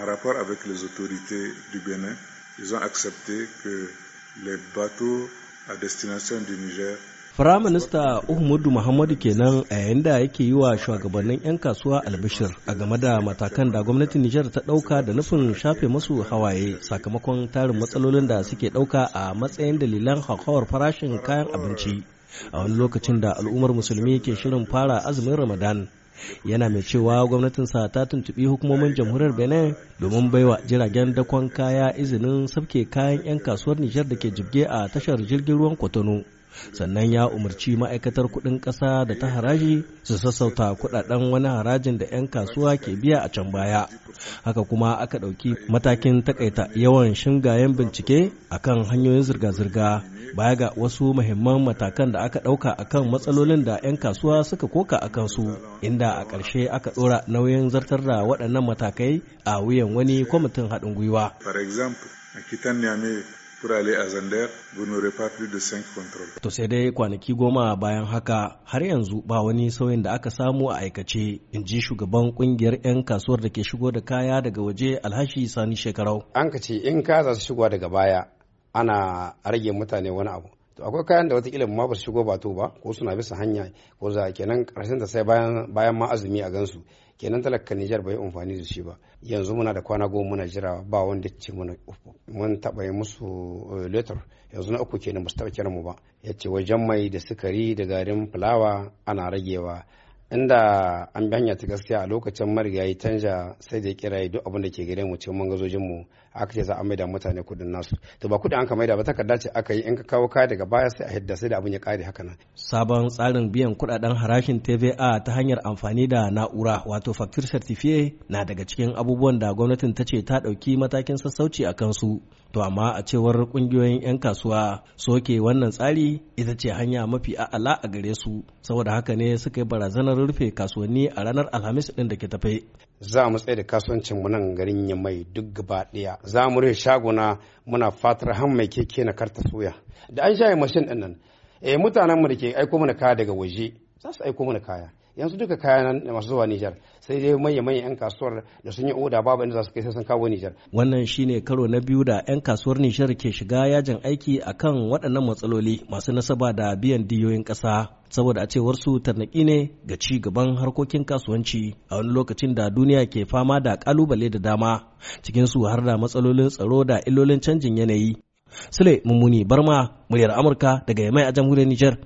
en rapport avec les autorités du Bénin, ils ont accepté que les bateaux à destination du Niger Firaminista Uhumudu Muhammadu kenan a yayin da yake yi wa shugabannin 'yan kasuwa albishir a game da matakan da gwamnatin Nijar ta ɗauka da nufin shafe masu hawaye sakamakon tarin matsalolin da suke ɗauka a matsayin dalilan hauhawar farashin kayan abinci a wani lokacin da al'ummar musulmi ke shirin fara azumin Ramadan. yana mai cewa gwamnatin sa ta tuntubi hukumomin jamhuriyar benin domin baiwa jiragen dakon kaya izinin sabke kayan 'yan kasuwar nijar da ke jibge a tashar jirgin ruwan kwatano sannan ya umarci ma'aikatar kuɗin ƙasa da ta haraji su sassauta kuɗaɗen wani harajin da 'yan kasuwa ke biya a can baya haka kuma aka ɗauki matakin takaita yawan shingayen bincike akan hanyoyin zirga-zirga baya ga wasu muhimman matakan da aka ɗauka kan matsalolin da 'yan kasuwa suka koka a kansu inda a ƙarshe aka ɗora nauyin zartar da waɗannan matakai a wuyan wani kwamitin haɗin gwiwa. pour aller à Zander, vous n'aurez pas plus de 5 contrôles. To sai dai kwanaki goma bayan haka har yanzu ba wani sauyin da aka samu a aikace in ji shugaban kungiyar 'yan kasuwar da ke shigo da kaya daga waje alhashi sani shekarau. An ka ce in ka za su shigo daga baya ana rage mutane wani abu. To akwai kayan da wata ilimin ma ba su shigo ba to ba ko suna bisa hanya ko za kenan karshen da sai bayan bayan ma azumi a gansu kenan talaka Nijar bai amfani da shi ba yanzu muna da kwana goma muna jira ba wanda ce mana mun taɓa yi musu eh, letter yanzu na uku kenan ba su taɓa kiran mu ba ya ce wajen mai da sukari da garin fulawa ana ragewa inda an bi hanya ta gaskiya a lokacin marigayi canja sai da ya kira duk abin da ke gare mu cikin mangazojin mu aka ce za a maida mutane kudin nasu to ba kudin an ka maida ba takarda ce aka yi in ka kawo kaya daga baya sai a hidda sai da abin ya kare haka nan sabon tsarin biyan kudaden harashin TVA ta hanyar amfani da na'ura wato factor certificate na daga cikin abubuwan da gwamnatin ta ce ta dauki matakin sassauci a kansu to amma a cewar kungiyoyin 'yan kasuwa soke wannan tsari ita ce hanya mafi a'ala a gare su saboda haka ne suka yi barazanar alkawarin rufe kasuwanni a ranar alhamis ɗin da ke tafe za mu tsaye da kasuwancin mu nan garin yamai duk gaba ɗaya za mu rufe shaguna muna fatar han mai keke na karta soya da an shaye mashin ɗin nan eh mu da ke aiko mana kaya daga waje za su aiko mana kaya yanzu duka kayan masu zuwa Nijar sai dai manya manyan yan kasuwar da sun yi oda babu inda za su kai sai sun kawo Nijar wannan shine karo na biyu da yan kasuwar Nijar ke shiga yajin aiki a kan waɗannan matsaloli masu nasaba da biyan diyoyin ƙasa saboda a cewar su tarnaki ne ga ci gaban harkokin kasuwanci a wani lokacin da duniya ke fama da kalubale da dama cikin su har da matsalolin tsaro da illolin canjin yanayi sule mummuni barma muryar amurka daga yamai a jamhuriyar nijar.